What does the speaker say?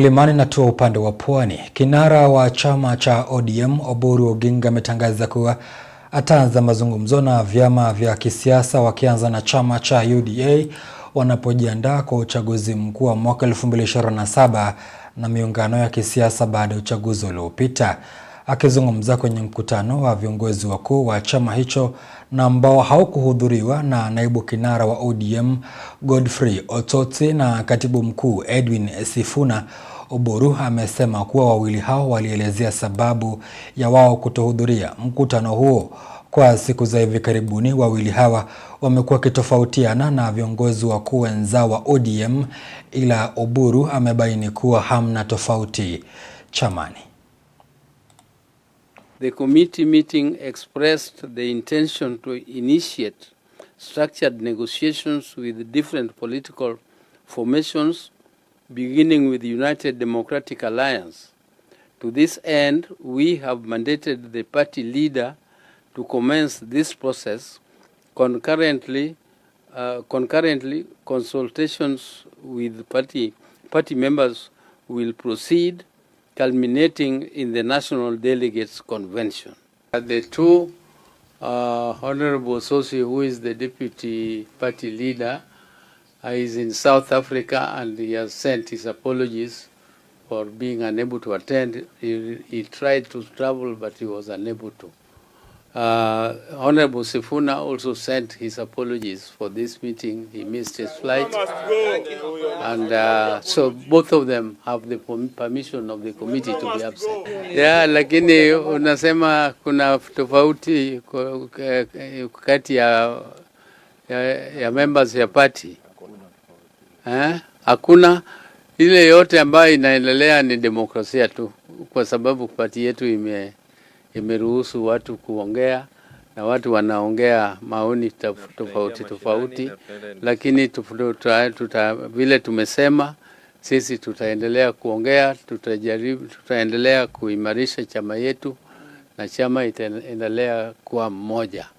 mlimani na tua upande wa pwani. Kinara wa chama cha ODM Oburu Oginga ametangaza kuwa ataanza mazungumzo na vyama vya kisiasa wakianza na chama cha UDA wanapojiandaa kwa uchaguzi mkuu wa mwaka 2027 na miungano ya kisiasa baada ya uchaguzi uliopita. Akizungumza kwenye mkutano wa viongozi wakuu wa chama hicho na ambao haukuhudhuriwa na naibu kinara wa ODM Godfrey Otsoti na katibu mkuu Edwin Sifuna, Oburu amesema kuwa wawili hao walielezea sababu ya wao kutohudhuria mkutano huo. Kwa siku za hivi karibuni, wawili hawa wamekuwa wakitofautiana na viongozi wakuu wenzao wa ODM, ila Oburu amebaini kuwa hamna tofauti chamani. The committee meeting expressed the intention to initiate structured negotiations with different political formations, beginning with the United Democratic Alliance. To this end, we have mandated the party leader to commence this process concurrently uh, concurrently consultations with party party members will proceed culminating in the National Delegates Convention. Uh, the two uh, Honorable Sosi, who is the deputy party leader, uh, is in South Africa and he has sent his apologies for being unable to attend. He, he tried to travel, but he was unable to. Uh, Honorable Sifuna also sent his apologies for this meeting. He missed his flight. And uh, so both of them have the permission of the committee to be absent. Yeah, lakini unasema kuna tofauti kati ya, ya, ya members ya party. Eh? Hakuna ile yote ambayo inaendelea ni demokrasia tu kwa sababu party yetu ime imeruhusu watu kuongea na watu wanaongea maoni tofauti tofauti, lakini tuta, tuta, vile tumesema sisi tutaendelea kuongea, tutajaribu, tutaendelea kuimarisha chama yetu na chama itaendelea kuwa mmoja.